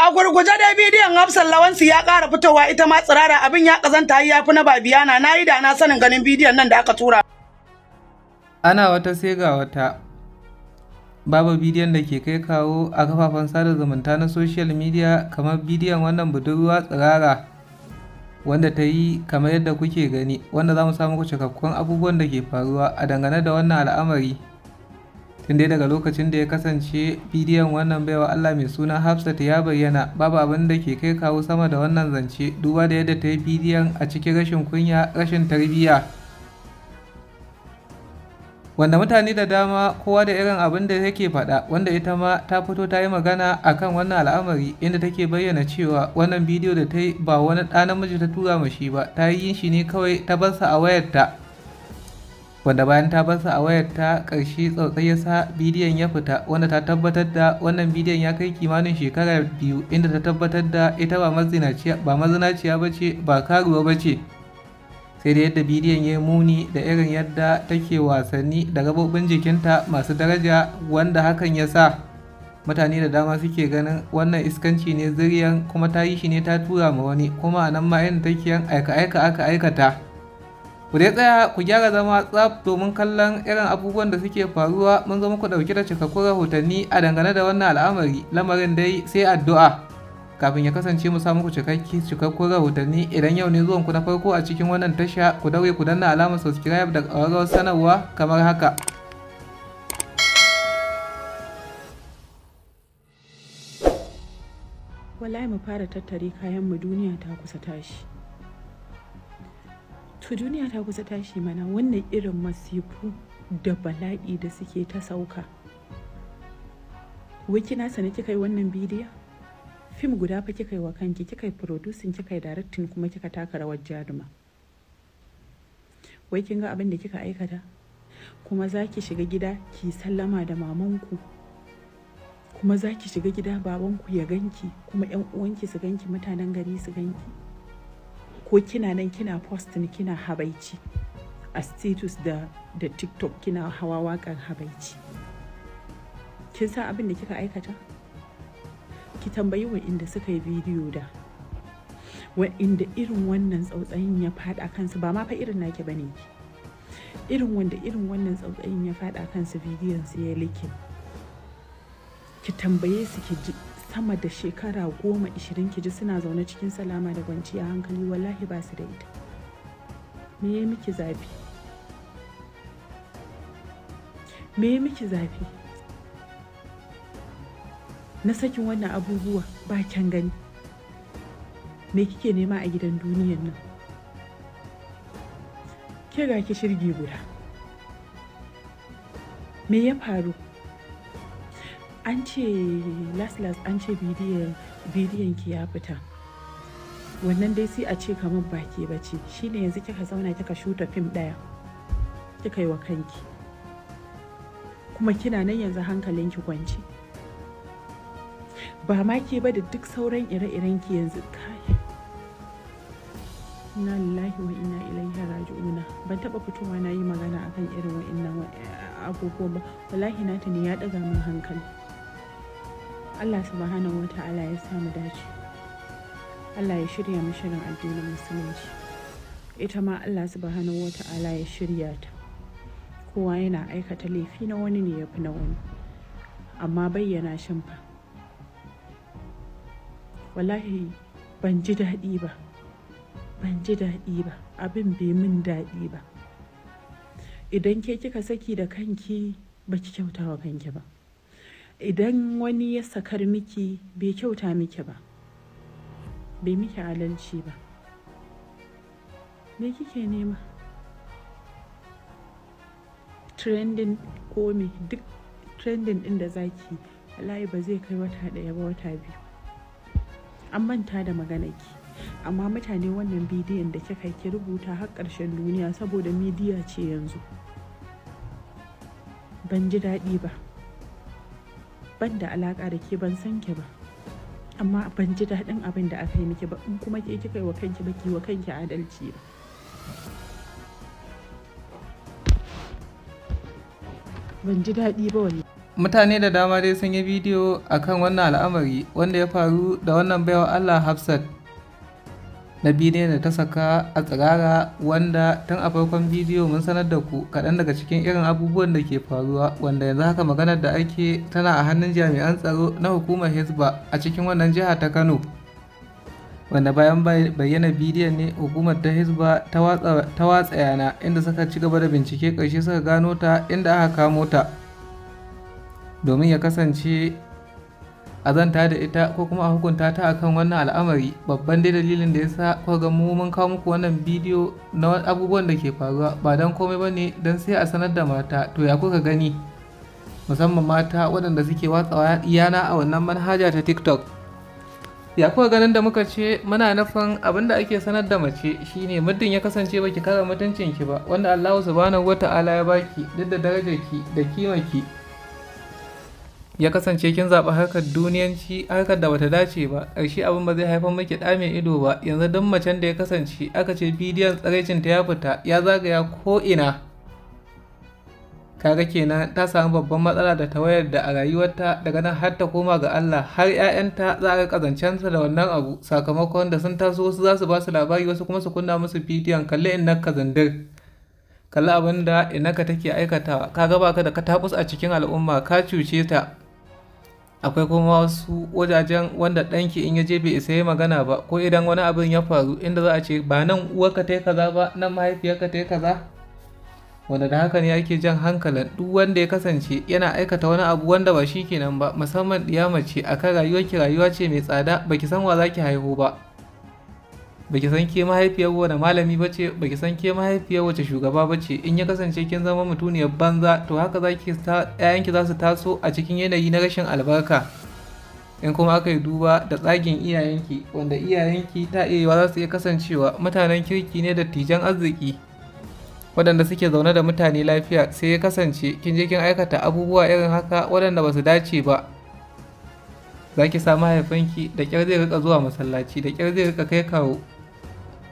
a gurguje dai bidiyon hafsan lawansu ya ƙara fitowa ita ma tsirara abin ya ƙazanta ya fi na babiyana na yi da na sanin ganin bidiyon nan da aka tura ana wata sai ga wata babu bidiyon da ke kai kawo a kafafen sada zumunta na social media kamar bidiyon wannan budurwa tsirara wanda ta yi kamar yadda kuke gani wanda za mu samu cikakkun abubuwan da ke faruwa a dangane da wannan al'amari tun dai daga lokacin da ya kasance bidiyon wannan baiwa Allah mai suna Hafsat ya bayyana babu abin da ke kai kawo sama da wannan zance duba da yadda ta yi bidiyon a cikin rashin kunya rashin tarbiyya wanda mutane da dama kowa da irin abin da yake faɗa wanda ita ma ta fito ta yi magana akan wannan al'amari inda take bayyana cewa wannan bidiyo da ta yi ba wani ɗa namiji ta tura mashi ba ta yi shi ne kawai ta sa a wayarta Wanda bayan ta basa a wayar ta karshe tsautsai ya sa bidiyon ya fita wanda ta tabbatar da wannan bidiyon ya kai kimanin shekara biyu inda ta tabbatar da ita ba mazinaciya ba ce ba karuwa ba ce sai da yadda bidiyon ya muni da irin yadda take wasanni da gabobin jikinta masu daraja wanda hakan ya sa mutane da dama suke ganin wannan iskanci ne ziryan kuma ta yi shi ne ta tura ma wani kuma a nan ma irin take aika-aika aka aikata. ku dai tsaya ku gyara zama tsaf domin kallon irin abubuwan da suke faruwa mun zama ku ɗauki da cikakkun rahotanni a dangane da wannan al'amari lamarin dai sai addu'a kafin ya kasance mu samu ku cikakki cikakkun rahotanni idan yau ne ku na farko a cikin wannan tasha ku daure ku danna alamar subscribe da ƙararrawar sanarwa kamar haka wallahi mu fara tattare kayan mu duniya ta kusa tashi to duniya ta kusa tashi mana wannan irin masifu da bala'i da suke ta sauka wai kina kika yi wannan bidiyo fim guda fa kika yi wa kanki kika yi producing kika yi directing kuma kika taka rawar jaruma wai kin ga abin da kika aikata kuma za ki shiga gida ki sallama da mamanku kuma za ki shiga gida babanku ya ganki kuma 'yan uwanki su ganki mutanen gari su ganki ko kina nan kina postin kina habaici a status da, da tiktok kina hawa wakan habaici kin san abin da kika aikata ki tambayi wa inda suka yi bidiyo da Wa inda irin wannan tsautsayin ya fada kansu ba ma fa irin naki bane irin wanda irin wannan tsautsayin ya fada kansu bidiyon su ya liki ki tambaye su ki ji sama da shekara goma ishirin ki suna zaune cikin salama da kwanciya hankali wallahi ba su da ita me ya miki zafi me ya miki zafi na sakin wannan abubuwa ba kyan gani me kike nema a gidan duniyan nan ke ga ki shirgi guda me ya faru an ce last last an ce bidiyon ki ya fita wannan dai sai a ce kamar baki bace shine yanzu kika zauna kika shuta fim daya kika yi wa kanki kuma kina nan yanzu hankalinki kwance ba ma ke ba da duk sauran ire-iren ki yanzu kai na lillahi wa inna ilaihi raji'una ban taba fitowa na yi magana akan irin wa'annan eh, abubuwan ba wallahi na ne ya daga min hankali Allah subhanahu wa ta'ala ya samu dace Allah ya shirya mu addinin musulunci ita ma Allah subhanahu wa ta'ala ya shirya ta kowa yana aikata laifi na wani ne ya fi na wani amma bayyana shin fa wallahi ban ji daɗi ba ban ji daɗi ba abin bai min daɗi ba idan ke kika saki da kanki baki kyauta wa kanki ba idan wani ya sakar miki bai kyauta miki ba bai miki alalci ba me kike nema trending ko duk trending din da zaki wallahi ba zai kai wata ɗaya ba wata biyu an manta da maganarki amma mutane wannan bidiyon da kika ki rubuta har ƙarshen duniya saboda midiya ce yanzu ban ji daɗi ba ban da alaƙa da ke ban san ki ba amma ban ji daɗin abin da aka yi miki ba in kuma ke kika yi wa kanki ba ki wa kanki adalci ba ban ji daɗi ba wani mutane da dama dai sun yi bidiyo akan wannan al'amari wanda ya faru da wannan baiwa Allah Hafsat na bidiyon da ta saka a tsirara wanda tun a farkon bidiyo mun sanar da ku kaɗan daga cikin irin abubuwan da ke faruwa wanda yanzu haka maganar da ake tana a hannun jami'an tsaro na hukumar hezba a cikin wannan jiha ta kano wanda bayan bayyana bidiyon ne hukumar ta hezba ta watsa yana inda suka ci gaba da bincike ƙarshe suka gano ta inda aka kamo ta domin ya kasance a zanta da ita ko kuma a hukunta ta akan wannan al'amari babban dai dalilin da ya sa kuka ga mu mun kawo muku wannan bidiyo na abubuwan da ke faruwa ba don komai ba ne don sai a sanar da mata to ya kuka gani musamman mata waɗanda suke watsawa yana a wannan manhaja ta tiktok ya kuka ganin da muka ce muna nufin abin da ake sanar da mace shine muddin ya kasance baki kara mutuncinki ba wanda allahu subhanahu wata'ala ya baki duk da ki da kimanki ya kasance kin zaɓi harkar duniyanci harkar da bata dace ba ƙarshe abin ba zai haifar miki ɗa mai ido ba yanzu duk macen da ya kasance aka ce bidiyon tsaraicin ta ya fita ya zagaya ko ina kaga kenan ta samu babban matsala da tawayar da a rayuwarta daga nan har ta koma ga Allah har 'ya'yanta za a kazancen da wannan abu sakamakon da sun taso wasu za su ba su labari wasu kuma su kunna musu bidiyon kalli in na kazandir kalli abin da ka take aikatawa kaga ka da ka tabus a cikin al'umma ka cuce ta akwai kuma wasu wajajen wanda ɗanki in ya je bai isa ya magana ba ko idan wani abin ya faru inda za a ce ba nan uwarka ta yi kaza ba nan mahaifiyarka ta yi kaza wanda da haka ne ake jan hankalin duk wanda ya kasance yana aikata wani abu wanda ba shi kenan ba musamman ɗiya mace akan rayuwarki rayuwa ce mai tsada baki san wa zaki haihu ba baki san ke mahaifiyar wani malami ba ce baki san ke mahaifiyar wace shugaba ba ce in ya kasance kin zama mutuniyar banza to haka za ki ta ki za su taso a cikin yanayi na rashin albarka in kuma aka yi duba da tsagin iyayenki wanda iyayenki ta iya za su iya kasancewa mutanen kirki ne da tijan arziki waɗanda suke zaune da mutane lafiya sai ya kasance kin je kin aikata abubuwa irin haka waɗanda ba su dace ba za ki sa mahaifinki da ƙyar zai rika zuwa masallaci da ƙyar zai rika kai kawo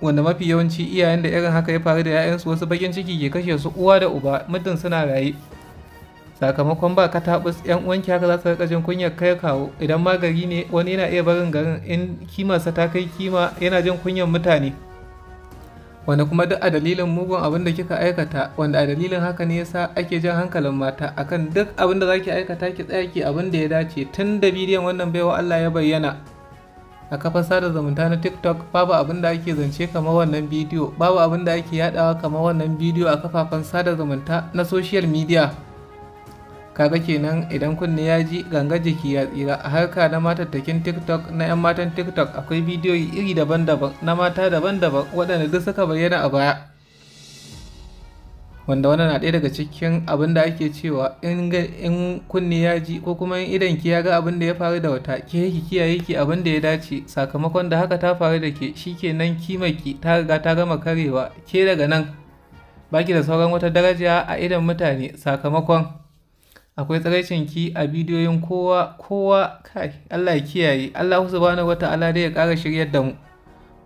wanda mafi yawanci iyayen da irin haka ya faru da 'ya'yansu wasu bakin ciki ke kashe su uwa da uba muddin suna raye sakamakon ba ka taɓus yan uwanki haka za su rika jin kunyar kai kawo idan ma gari ne wani yana iya barin garin in kimarsa ta kai kima yana jin kunyar mutane wanda kuma duk a dalilin mugun abin da kika aikata wanda a dalilin haka ne yasa ake jan hankalin mata akan duk abin da zaki aikata ki tsaya ki abin da ya dace tun da bidiyon wannan baiwa Allah ya bayyana a kafar sada zumunta na tiktok babu abin da ake zance kamar wannan bidiyo babu abin da ake yadawa kamar wannan bidiyo a kafafen sada zumunta na social media kaga kenan idan kunne ya ji ganga jiki ya tsira a harka na matattakin tiktok na 'yan matan tiktok akwai bidiyoyi iri daban-daban na mata daban-daban waɗanda duk suka bayyana a baya wanda wannan na ɗaya daga cikin abin da ake cewa in kunni ya ji ko kuma in idan ki ya ga abin da ya faru da wata ke ki kiyaye ki abin da ya dace sakamakon da haka ta faru da ke shikenan ki? ta riga ta gama karewa ke daga nan baki da sauran wata daraja a idan mutane sakamakon akwai tsaraicin ki a bidiyoyin kowa kowa kai Allah ya kiyaye Allah subhanahu ala dai ya kara shiryar da mu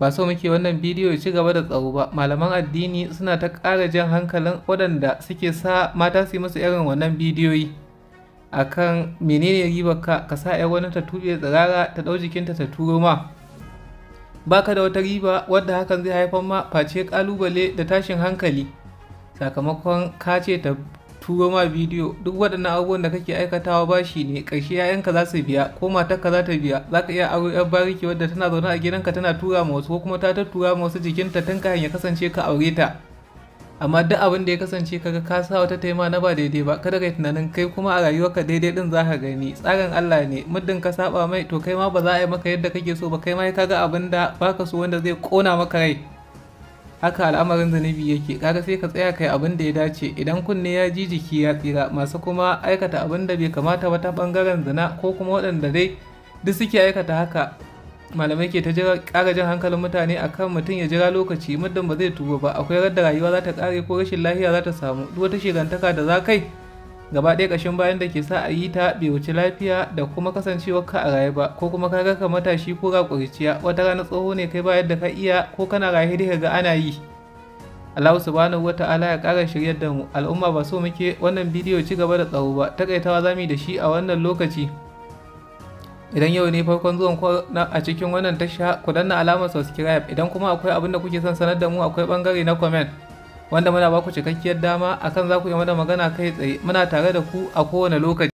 ba so muke wannan bidiyo ya ci gaba da tsaro ba malaman addini suna ta ƙara jan hankalin waɗanda suke sa mata su yi musu irin wannan bidiyoyi akan menene ribar ka ka sa 'yar wani ta tsirara ta ɗau jikinta ta turo ma baka da wata riba wadda hakan zai haifar ma face ƙalubale da tashin hankali sakamakon ka ce ta turo ma bidiyo duk waɗannan abubuwan da kake aikatawa bashi ne ƙarshe yayanka za su biya ko matarka za ta biya za ka iya aure yar bariki wadda tana zaune a gidanka tana tura ma wasu ko kuma ta tura ma wasu jikinta tun kayan ya kasance ka aure ta amma duk abin da ya kasance kaga ka sa wata taima na ba daidai ba kada kai tunanin kai kuma a rayuwarka daidai din za ka gani tsarin Allah ne muddin ka saba mai to kai ma ba za a yi maka yadda kake so ba kai ma kaga ga abin da baka so wanda zai kona maka rai haka al'amarin zunubi yake kaga sai ka tsaya kai abin da ya dace idan kunne ya ji jiki ya tsira masu kuma aikata abin da bai kamata wata bangaren zina ko kuma waɗanda dai duk suke aikata haka malamai ke ta jira ƙara jin hankalin mutane akan mutum ya jira lokaci muddin ba zai tuba ba akwai radda rayuwa za ta ƙare ko rashin lafiya za ta samu duk wata shigantaka da za kai gaba ɗaya ƙashin bayan da ke sa a yi ta bai wuce lafiya da kuma kasancewar ka a raye ba ko kuma ka ga ka matashi ko ga ƙuriciya wata rana tsoho ne kai bayar da ka iya ko kana raye dai ga ana yi Allah subhanahu wata'ala ya ƙara shiryar da mu al'umma ba so muke wannan bidiyo ci gaba da tsaro ba takaitawa za mu da shi a wannan lokaci idan yau ne farkon zuwan ku a cikin wannan tasha ku danna alamar subscribe idan kuma akwai abin da kuke son sanar da mu akwai bangare na comment wanda muna ku cikakkiyar dama akan za ku yi mana magana kai tsaye muna tare da ku a kowane lokaci